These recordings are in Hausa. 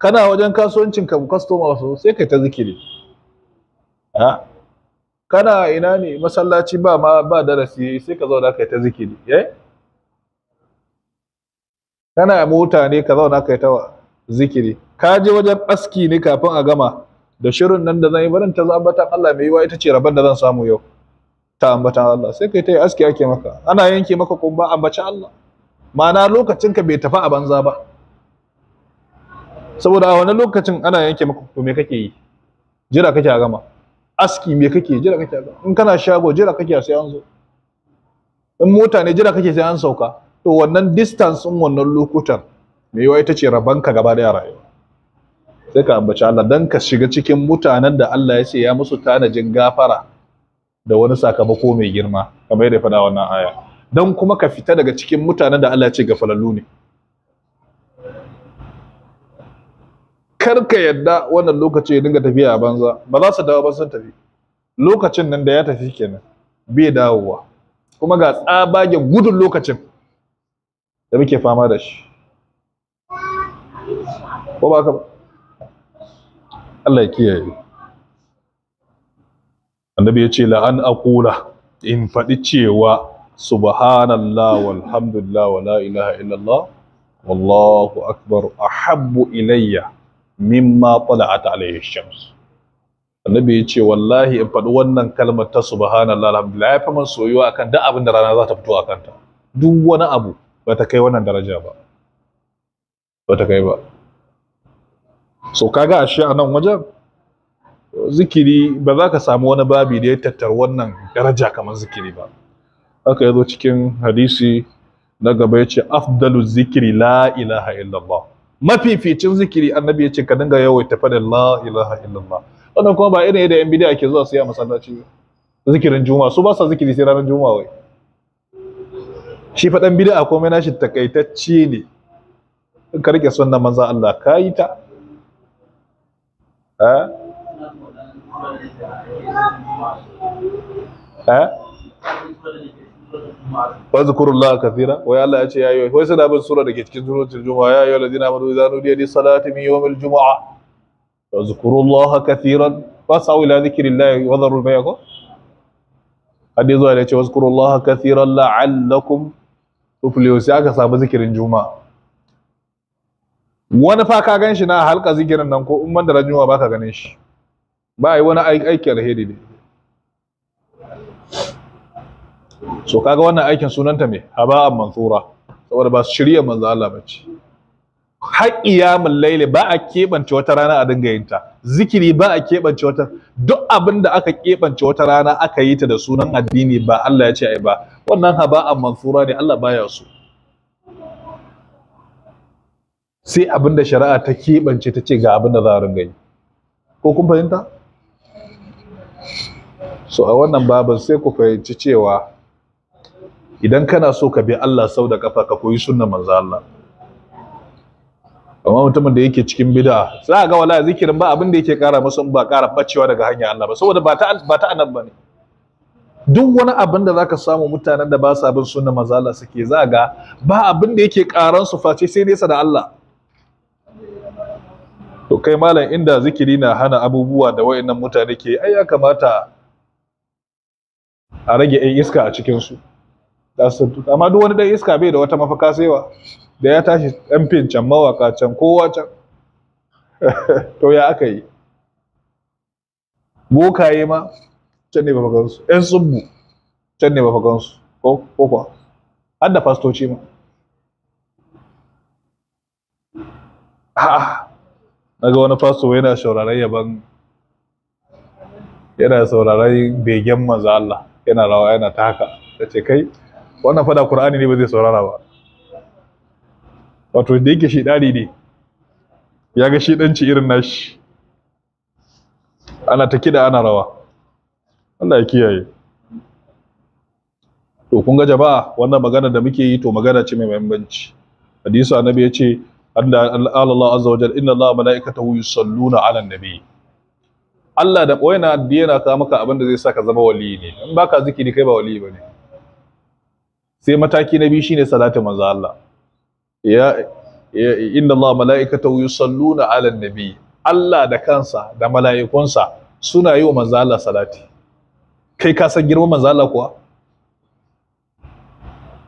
kana wajen kasuwancin ka kwastoma su sai kai ta zikiri a kana ina ne masallaci ba ma ba darasi sai ka zauna kai ta zikiri eh kana mota ne ka zauna kai ta zikiri ka je wajen aski ne kafin a gama da shirin nan da zan yi barin ta zambatan Allah mai yiwa ita ce rabar da zan samu yau ta ambatan Allah sai kai ta yi aski ake maka ana yanke maka kumba ambaci Allah ma'ana lokacin ka bai tafi a banza ba saboda a wannan lokacin ana yanke maka to me kake yi jira kake a gama aski me kake jira kake a gama in kana shago jira kake sai an zo in mota ne jira kake sai an sauka to wannan distance in wannan lokutan me yawa ita ce rabanka gaba da rayuwa sai ka ambaci Allah dan ka shiga cikin mutanen da Allah ya ce ya musu tanajin gafara da wani sakamako mai girma kamar yadda ya faɗa wannan aya dan kuma ka fita daga cikin mutanen da Allah ya ce gafalallu ne kar ka yadda wannan lokaci ya dinga tafiya a banza ba za su dawo ba sun tafi lokacin nan da ya tafi kenan bai dawowa kuma ga tsabage gudun lokacin da muke fama da shi ko ba ka ba Allah ya kiyaye annabi ya ce la'an aqula in faɗi cewa subhanallah walhamdulillah wala ilaha illallah wallahu akbar ahabbu ilayya mimma tala'at alayhi shams annabi ya ce wallahi in faɗi wannan kalmar ta subhanallahi alhamdulillah ya man soyuwa akan duk abin da rana za ta fito a kanta duk wani abu ba ta kai wannan daraja ba ba ta kai ba so kaga ashe a nan wajen zikiri ba za ka samu wani babi da ya tattar wannan daraja kamar zikiri ba haka ya zo cikin hadisi na gaba ya ce afdalu zikiri la ilaha illallah mafificin zikiri annabi ya ce ka dinga yawaita fadin la ilaha illallah wannan kuma ba irin yadda yan bidiya ke zuwa su yi a masallaci zikirin juma'a su ba sa zikiri sai ranar juma'a wai shi faɗan bidiya komai nashi takaitacce ne in ka rike sunnan manzan Allah ka yi ta ha fazkurullaha kathira wai Allah ya ce ya yi wai suna bin sura da ke cikin suratul juma'a ya yi ladina amanu idza nudiya li salati min yawmil jumu'a fazkurullaha kathiran fasau ila dhikrillahi wa dharu bayya ko hadde zuwa da ce fazkurullaha kathiran la'allakum tuflihu sai aka samu zikirin juma'a wani fa ka gan shi na halka zikirin nan ko in da juma'a ba ka ganin shi ba yi wani aiki alheri ne so kaga wannan aikin sunanta me haba'an mansura saboda ba su shirya manzo Allah bace mun laili ba a keɓance wata rana a dinga yin ta zikiri ba a keɓance wata duk abin da aka keɓance wata rana aka yi ta da sunan addini ba Allah ya ce ai ba wannan haba'an mansura ne Allah baya so sai abin da shari'a ta keɓance ta ce ga abin da za a ringa yi ko kun fahimta so a wannan baban sai ku fahimci cewa idan kana so ka bi Allah sau da kafa ka koyi sunnan manzo Allah amma mutumin da yake cikin bid'a za ga wala zikirin ba abin da yake kara masa ba kara bacewa daga hanyar Allah ba saboda ba ta ba ta anan bane duk wani abin da zaka samu mutanen da ba su bin sunnan manzo Allah suke za ga ba abin da yake karan su face sai nesa da Allah to kai malam inda zikiri na hana abubuwa da wayannan mutane ke ai ya kamata a rage 'yan iska a cikinsu da amma duk wani dan iska bai da wata mafaka saiwa da ya tashi yan fincan mawaka can kowa can to ya aka yi bokaye ma can ne mafakansu yan tsubbu can ne mafakansu ko kwa har da fastoci ma na ga wani fasto yana shauraron yaban yana sauraron begen manzo Allah yana rawa yana taka ta ce kai wannan fada qur'ani ne ba zai saurara ba wato da yake shi dari ne ya ga shi danci irin nashi ana ta kida ana rawa Allah ya kiyaye to kun ga jama'a wannan magana da muke yi to magana ce mai muhimmanci hadisi annabi yace Allah azza wajalla inna Allah malaikatahu yusalluna ala nabi Allah da koyana yana ka maka abin da zai saka zama wali ne in baka zikiri kai ba wali bane sai mataki na biyu shine salatu manzo Allah ya inna Allah mala'ikatahu yusalluna ala nabi Allah da kansa da mala'ikunsa suna yi wa manzo Allah salati kai ka san girman manzo Allah kuwa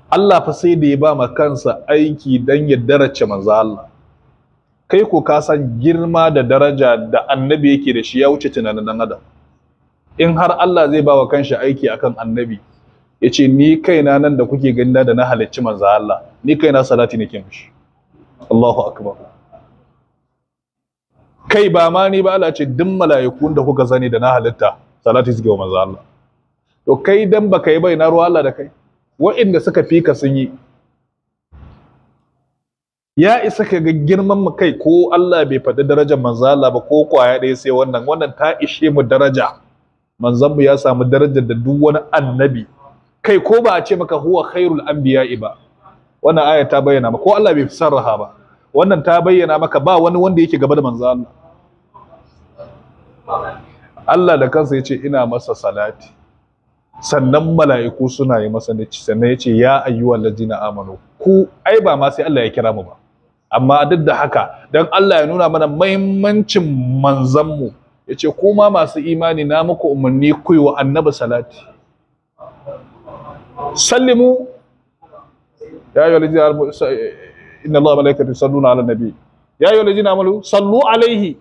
Allah fa sai da ya ba ma kansa aiki dan ya darace manzo Allah kai ko ka san girma da daraja da annabi yake da shi ya wuce tunanin dan adam in har Allah zai ba wa kanshi aiki akan annabi yace ni kaina nan da kuke gani da na halicci manzo Allah ni kaina salati nake mishi Allahu akbar kai ba ma ni ba Allah ce duk malaiku da kuka zani da na halitta salati suke wa manzo Allah to kai dan baka yi bai na ruwa Allah da kai wa'inda suka fi ka sun yi ya isa ka ga girman mu kai ko Allah bai faɗi darajar manzo Allah ba ko kwaya ɗaya sai wannan wannan ta ishe mu daraja manzanmu mu ya samu darajar da duk wani annabi kai ko ba a ce maka huwa khairul anbiya'i ba wannan aya ta bayyana maka ko Allah bai sarraha ba wannan ta bayyana maka ba wani wanda yake gaba da manzo Allah Allah da kansa yace ina masa salati sannan mala'iku suna yi masa ne sannan yace ya ayyuhal ladina amanu ku ai ba ma sai Allah ya kira mu ba amma duk da haka dan Allah ya nuna mana muhimmancin manzon mu yace kuma masu imani na muku umarni ku yi wa annabi salati sallimu ya ayyuhal ladina amanu inna allaha malaikatahu yusalluna ala nabi ya ayyuhal ladina amalu sallu alaihi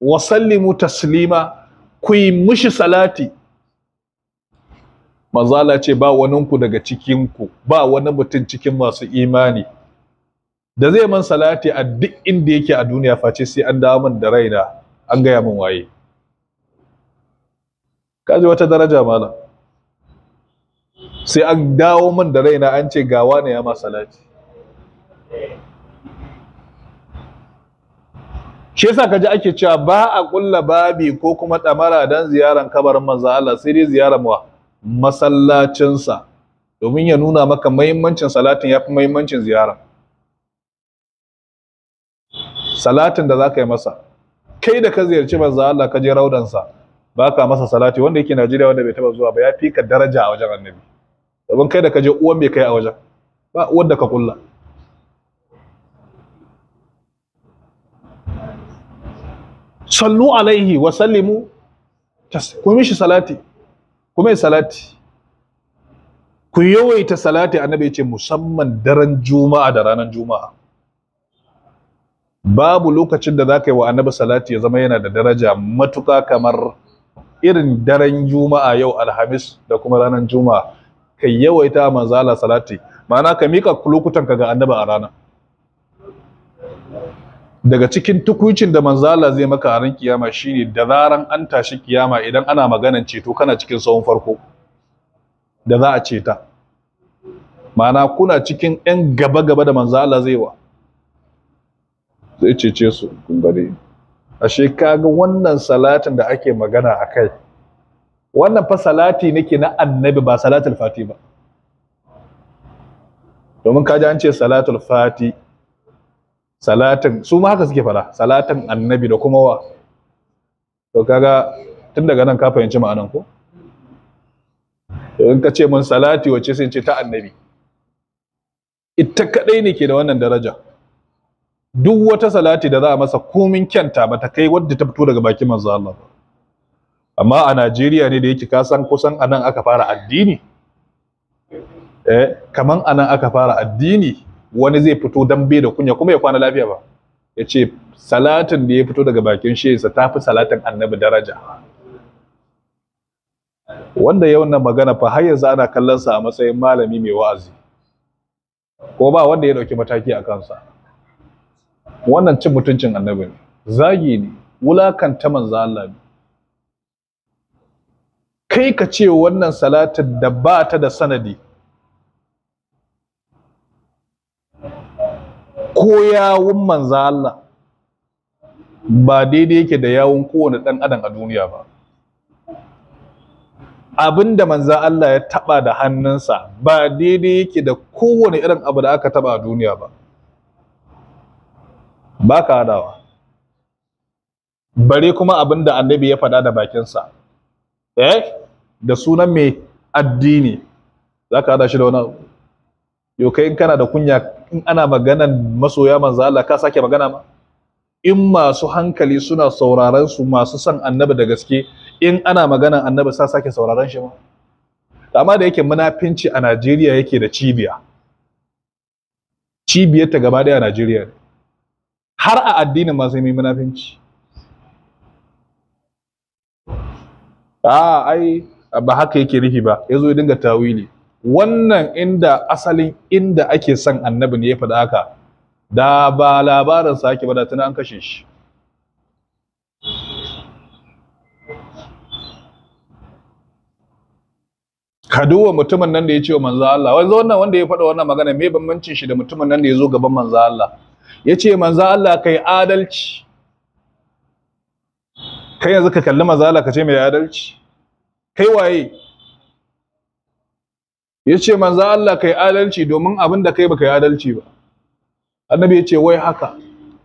wa sallimu taslima ku mushi salati mazala ce ba waninku daga cikinku ba wani mutum cikin masu imani da zai man salati a duk inda yake a duniya face sai an dawo min da raina an gaya min waye kaji wata daraja malam sai an dawo min da raina an ce gawa ne ya masa salati shi yasa kaji ake cewa ba a kulla babi ko kuma damara dan ziyaran kabarin manzo Allah sai dai ziyaran wa masallacinsa domin ya nuna maka muhimmancin salatin ya fi muhimmancin ziyara salatin da zaka yi masa kai da ka ziyarci manzo Allah ka je raudansa baka masa salati wanda yake Najeriya wanda bai taba zuwa ba ya fi ka daraja a wajen annabi daban kai da ka je uwan me kai a wajen ba uwar da ka kulla sallu alaihi wa sallimu ku mishi salati ku mai salati ku yawaita salati annabi ya ce musamman daren juma'a da ranar juma'a babu lokacin da za ka yi wa annabi salati ya zama yana da daraja matuka kamar irin daren juma'a yau alhamis da kuma ranar juma'a ka yawaita manzo Allah salati ma'ana ka mika lokutan ka ga annabi a rana daga cikin tukuncin da manzo Allah zai maka a ran kiyama shine da zaran an tashi kiyama idan ana maganan ceto kana cikin sahun farko da za a ce ta ma'ana kuna cikin yan gaba-gaba da manzo Allah zai wa zai cece su kun bare ashe kaga wannan salatin da ake magana akai wannan fa salati nake na annabi ba salatul fati ba domin kaji an ce salatul fati salatin su ma haka suke fara salatin annabi da kuma wa to kaga tun daga nan ka fahimci ma'anan ko in ka ce mun salati wacce sai ce ta annabi ita kadai ne ke da wannan daraja duk wata salati da za a masa komin kyanta ba ta kai wadda ta fito daga bakin manzo Allah ba amma a Najeriya ne da yake kasan kusan anan aka fara addini eh kaman anan aka fara addini wani zai fito dan bai da kunya kuma ya kwana lafiya ba ya ce salatin da ya fito daga bakin shesa ta fi salatin annabi daraja wanda ya na magana fa har yanzu ana kallon sa a matsayin malami mai wa'azi ko ba wanda ya dauki mataki a kansa wannan cin mutuncin annabi zagi ne wulakanta manzo Allah kai ka ce wannan salatin da ba ta da sanadi ko yawun manza Allah ba daidai yake da yawun kowane ɗan adam a duniya ba abin da manza Allah ya taɓa da hannunsa ba daidai yake da kowane irin abu da aka taɓa a duniya ba ba ka hadawa bare kuma abin da annabi ya faɗa da bakinsa eh da sunan mai addini zaka hada shi da wani yo kai in kana da kunya in ana maganan masoya manzo Allah ka sake magana ma in masu hankali suna sauraron su masu son annabi da gaske in ana maganan annabi sa sake sauraron shi ma amma da yake munafinci a Najeriya yake da cibiya cibiyar ta gaba daya a Najeriya har a addinin masu yi munafinci A'a, ai ba haka yake nufi ba ya zo ya dinga tawili wannan inda asalin inda ake son annabi ne ya faɗa haka da ba labarin sa ake bada tana an kashe shi kaduwa mutumin nan da ya ce wa manzo Allah wanzo wannan wanda ya faɗa wannan magana me bambancin shi da mutumin nan da ya zo gaban manzo Allah ya ce manzo Allah kai adalci kai yanzu ka kalli mazala ka ce mai adalci kai waye ya ce manzo Allah kai adalci domin abin da kai baka yi adalci ba annabi ya ce wai haka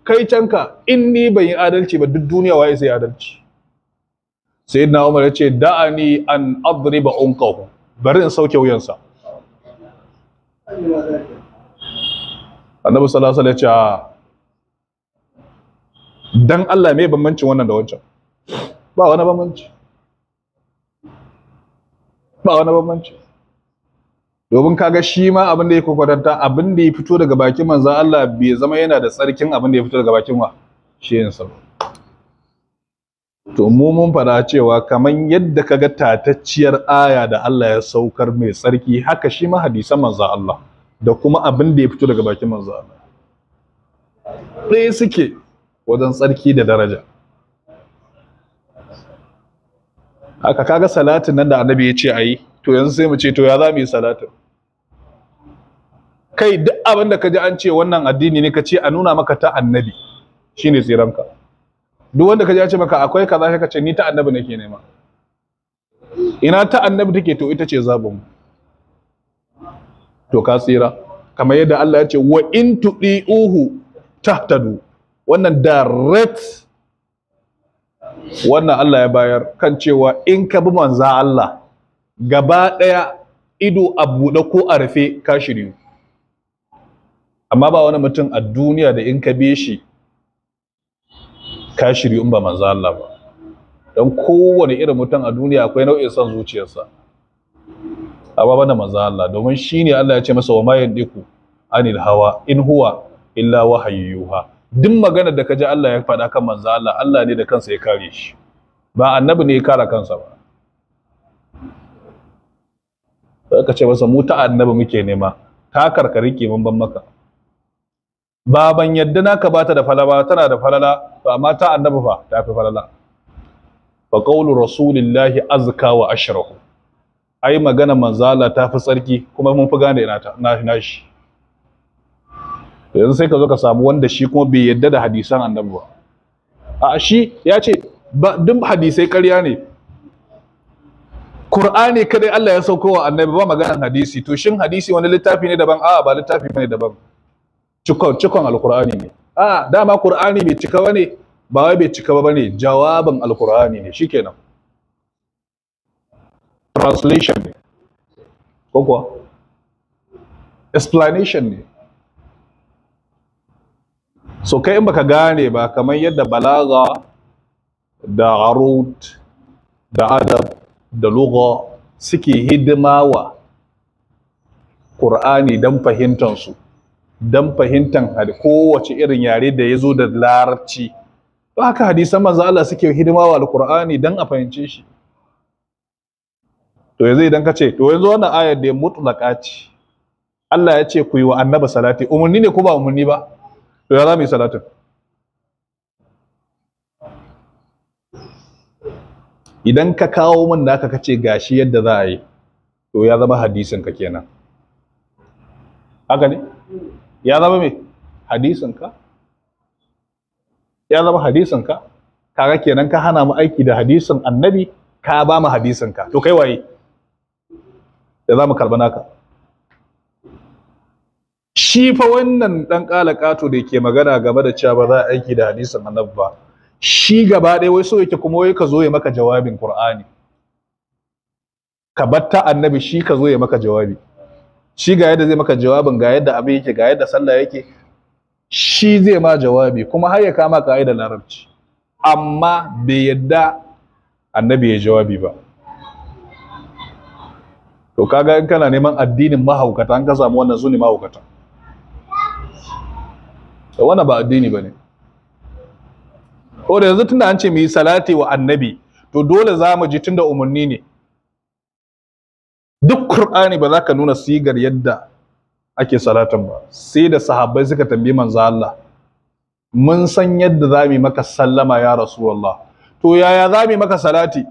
kai canka in ni ban yi adalci ba duk duniya waye sai adalci sayyidina Umar ya ce da'ani an adriba unqahu bari in sauke wuyansa annabi sallallahu alaihi wasallam ya ce dan Allah me bambancin wannan da wancan ba wani bambanci ba wani bambanci domin kaga shi ma abin da ya kwatanta abin da ya fito daga bakin manzo Allah bai zama yana da tsarkin abin da ya fito daga bakin wa shi yin sabo to mu mun fada cewa kaman yadda kaga tatacciyar aya da Allah ya saukar mai tsarki haka shi ma hadisan manzo Allah da kuma abin da ya fito daga bakin manzo Allah ɗaya suke wajen tsarki da daraja haka kaga salatin nan da annabi ya ce ayi. to yanzu sai mu ce to ya za mu yi salatin kai duk abin da ka ji an ce wannan addini ne ka ce a nuna maka ta annabi shine tsiranka duk wanda ka ji an ce maka akwai kaza sai ka ce ni ta annabi nake nema ina ta annabi take to ita ce zabin to ka tsira kamar yadda Allah ya ce wa in tudi'uhu tahtadu wannan direct wannan Allah ya bayar kan cewa in ka bi manza Allah gaba ɗaya ido a buɗe ko a rufe ka shiryu amma ba wani mutum a duniya da in ka bi shi ka shiryu in ba manza Allah ba don kowane irin mutum a duniya akwai nau'in son zuciyarsa amma bana manza Allah domin shi ne Allah ya ce masa wa ma yandiku anil hawa in huwa illa wahayuha duk magana da ka ji Allah ya faɗa kan manzo Allah Allah ne da kansa ya kare shi ba annabi ne ya kare kansa ba aka ce masa mu ta annabi muke nema ta karkari ke ban maka ba ban yadda naka bata da falala tana da falala to amma ta annabi fa ta fi falala fa qawlu rasulillahi azka wa ashrahu ai magana manzala ta fi tsarki kuma mun fi gane ina ta na shi yanzu sai ka zo ka samu wanda shi kuma bai yadda da hadisan annabi ba a shi ya ce duk hadisai ƙarya ne Qur'ani kadai Allah ya sauko wa annabi ba maganar hadisi to shin hadisi wani littafi ne daban a'a ba littafi ne daban cikon cikon alqur'ani ne a'a dama qur'ani bai cika bane ba wai bai cika bane jawabin alqur'ani ne shikenan translation ne ko kuwa explanation ne so kai in baka gane ba kamar yadda balaga da arut da adab da lugha suke hidimawa Qur'ani don fahimtansu don fahimtan kowace irin yare da ya zo da larabci haka hadisan manzo Allah suke hidimawa alqur'ani dan a fahimce shi to yanzu idan ka ce to yanzu wannan ayar da mutlaqa ce Allah ya ce ku yi wa annabi salati umurni ne ko ba umurni ba to ya za mu yi salatin idan ka kawo min ka kace gashi yadda za a yi to ya zama hadisin ka kenan haka ne ya zama me hadisin ka ya zama hadisin ka kaga kenan ka hana mu aiki da hadisin annabi ka ba mu hadisin ka to kai waye da za mu karba naka shi fa wannan dan kalakato da yake magana game da cewa ba za a aiki da hadisin annabi ba shi gaba ɗaya wai so yake kuma wai ka zo ya maka jawabin qur'ani ka batta annabi shi ka zo ya maka jawabi shi ga yadda zai maka jawabin ga yadda abin yake ga yadda sallah yake shi zai ma jawabi kuma har ya kama ka'ida larabci amma bai yadda annabi ya jawabi ba to kaga in kana neman addinin mahaukata an ka samu wannan su ne mahaukata wanda ba addini bane ko da yanzu tunda an ce mu yi salati wa annabi to dole za mu ji tunda umarni ne duk qur'ani ba za ka nuna sigar yadda ake salatin ba sai da sahabbai suka tambayi manzo Allah mun san yadda za mu maka sallama ya rasulullah to yaya za mu maka salati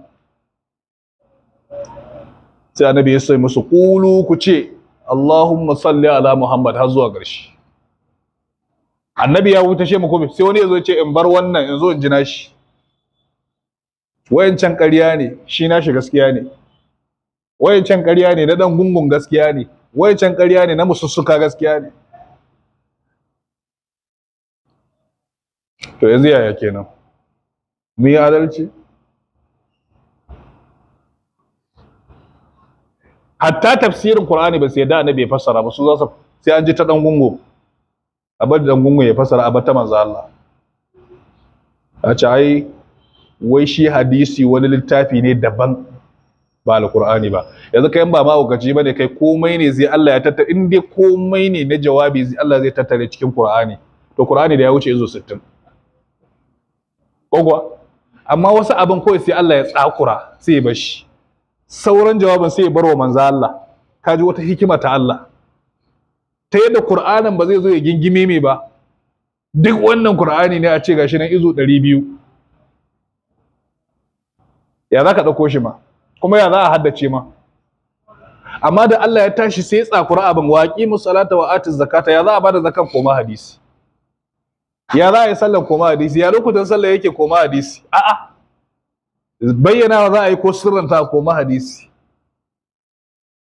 sai annabi ya sai musu qulu ku ce Allahumma salli ala Muhammad har zuwa ƙarshe annabi ya wuta shi ko sai wani yazo ya ce in bar wannan in zo in ji nashi wayancan ƙarya ne shi nashi gaskiya ne wayancan ƙarya ne na dan gungun gaskiya ne wayancan ƙarya ne na musussuka gaskiya ne to yanzu yaya kenan mu yi adalci hatta tafsirin Qur'ani ba sai da annabi ya fassara ba su za su sai an ji ta dan gungun a bar ya fasara a bata ta manzo Allah a ce ai wai shi hadisi wani littafi ne daban ba alqur'ani ba yanzu kai ba maukaci bane kai komai ne zai Allah ya tattara. in dai komai ne na jawabi zai Allah zai tattare cikin qur'ani to qur'ani da ya wuce izo 60 kogwa amma wasu abin kawai sai Allah ya tsakura sai ya bashi sauran jawabin sai ya barwa manzo Allah kaji wata hikima ta Allah ta yadda Kur'anin ba zai zo ya gingime mai ba duk wannan Kur'ani ne a ce gashi nan izo ɗari biyu. ya za ka ɗauko shi ma kuma ya za a haddace ma amma da Allah ya tashi sai ya tsakura abin waƙi musalata wa atis zakata ya za a bada zakan koma hadisi ya za a yi sallan koma hadisi ya lokutan sallah yake koma hadisi a'a bayyana za a yi ko sirranta koma hadisi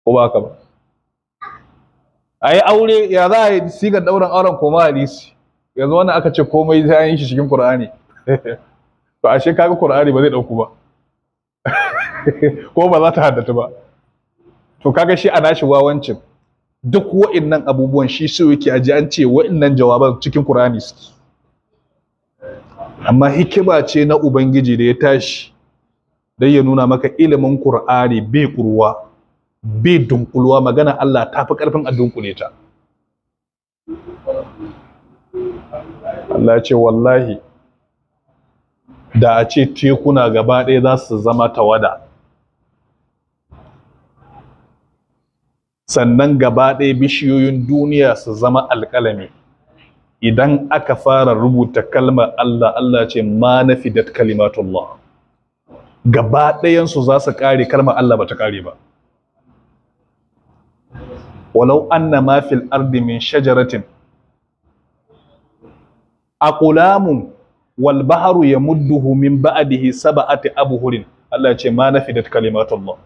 ko ba ka ba a aure ya za a yi sigar ɗaurin auren koma hadisi yanzu wannan aka ce komai ta yin shi cikin ƙur'ani. to ashe kaga ƙur'ani ba zai ɗauku ba ko ba za ta haddatu ba to kaga shi a nashi wawancin duk wa'innan abubuwan shi su yake aji an ce wa'innan jawaban cikin Kur'ani suke amma hikima ce na Ubangiji da ya tashi don ya nuna maka ilimin Kur'ani bai kurwa bai dunkulwa magana Allah ta fi ƙarfin a dunkule ta Allah ce wallahi da a ce tekuna gaba ɗaya za su zama tawada sannan gaba ɗaya bishiyoyin duniya su zama alƙalami idan aka fara rubuta kalmar Allah Allah ce ma nafidat kalimatullah gaba ɗayansu za su ƙare kalmar Allah ba ta ƙare ba walau anna ma fil ardi min shajaratin aqulamun wal bahru yamudduhu min ba'dihi sab'ati abhurin Allah ya ce ma nafidat kalimatullah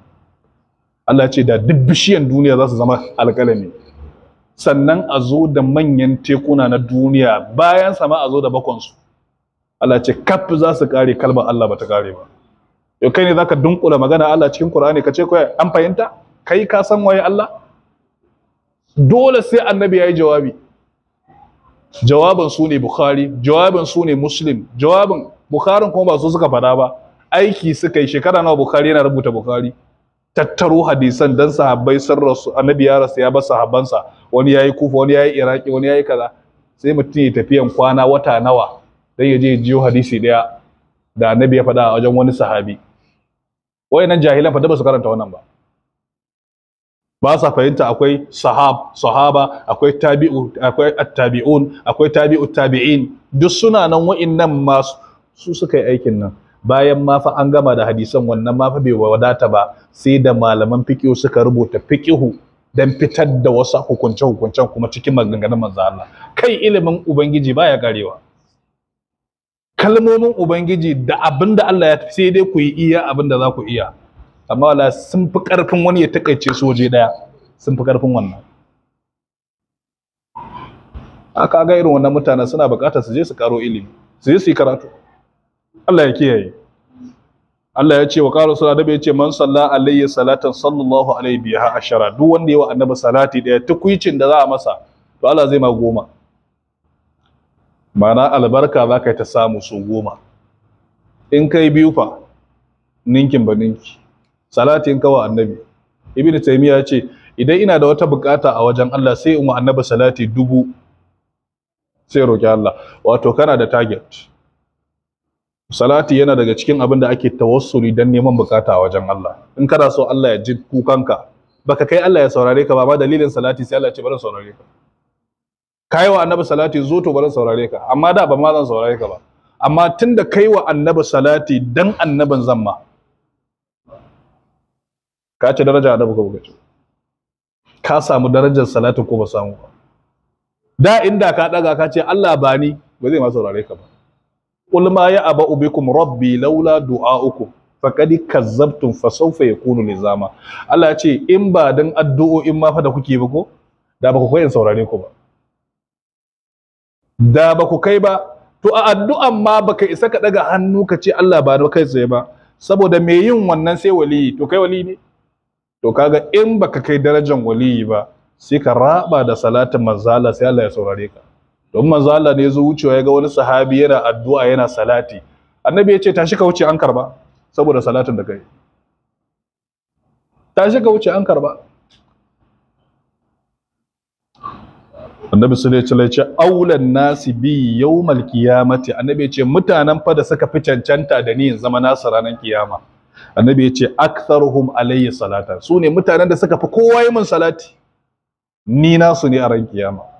Allah ya ce da duk bishiyar duniya za su zama alƙalami sannan a zo da manyan tekuna na duniya bayan sama a zo da su. Allah ce kaf za su kare kalmar Allah ba ta kare ba yau kai ne zaka dunkula magana Allah cikin Qur'ani ka ce kai an fahimta kai ka san waye Allah dole sai annabi ya yi jawabi jawaban su ne bukhari jawaban su ne muslim jawaban bukharin kuma ba su suka faɗa ba aiki suka yi shekara nawa bukhari yana rubuta bukhari tattaro hadisan dan sahabbai sun rasu annabi ya rasu ya bar sahabbansa wani yayi kufa wani yayi iraki wani yayi kaza sai mutum ya tafiyan kwana wata nawa dan ya je ya jiyo hadisi daya da annabi ya faɗa a wajen wani sahabi wayannan jahilan fa da ba su karanta wannan ba ba sa fahimta akwai sahab sahaba akwai tabi'u akwai attabi'un akwai tabi'u tabi'in duk suna nan wa'annan masu su suka yi aikin nan bayan ma fa an gama da hadisan wannan ma fa bai wadata ba sai da malaman fiqihu suka rubuta fiqihu dan fitar da wasu hukunce hukuncen kuma cikin maganganun manzo Allah kai ilimin ubangiji baya karewa kalmomin ubangiji da abinda Allah ya tafi sai dai ku yi iya abinda za ku iya amma wala sun fi ƙarfin wani ya takaice su waje ɗaya sun fi ƙarfin wannan aka ga irin wannan mutanen suna buƙatar su je su karo ilimi su je su yi karatu Allah ya kiyaye Allah ya ce wa ƙara sura da bai ce man salla alayhi salatan sallallahu alaihi biha ashara duk wanda ya wa annabi salati daya tukuicin da za a masa to Allah zai ma goma ma'ana albarka za ka ta samu su goma in kai biyu fa ninkin ba ninki salatin kawa annabi ibnu taymiya ya ce idan ina da wata bukata a wajen Allah sai in wa annabi salati dubu sai roki Allah wato kana da target salati yana daga cikin abin da ake tawassuli dan neman bukata a wajen Allah in kana so Allah ya ji kukanka baka kai Allah ya saurare ka ba ma dalilin salati sai Allah ya ce bari saurare ka kai wa annabi salati zo to bari saurare ka amma da ba ma zan saurare ka ba amma tunda kai wa annabi salati dan annaban zamma ka ci daraja da buga buga ci ka samu darajar salatin ko ba samu ba da inda ka daga ka ce Allah ba ni ba zai ma saurare ka ba qul ma ya aba ubikum rabbi laula du'aukum faqad kazzabtum fa sawfa yakunu nizama Allah ya ce in ba dan addu'o'in ma fa da kuke ba ko da ba ku koyin saurare ku ba da ba ku kai ba to a addu'an ma baka isa ka daga hannu ka ce Allah ba kai tsaye ba saboda me yin wannan sai wali to kai wali ne to kaga in baka kai darajar waliyi ba sai ka raba da salatin manzala sai Allah ya saurare ka don manzo ne ya zo wucewa ya ga wani sahabi yana addu'a yana salati annabi ya ce tashi ka wuce an karba saboda salatin da kai tashi ka wuce an karba annabi sun ya ce aulan nasi bi yawmal qiyamati annabi ya ce mutanen fa da suka fi cancanta da ni zama nasu ranar kiyama annabi ya ce aktharuhum alayhi salata Sune ne mutanen da suka fi kowa yi min salati ni nasu ne a ran kiyama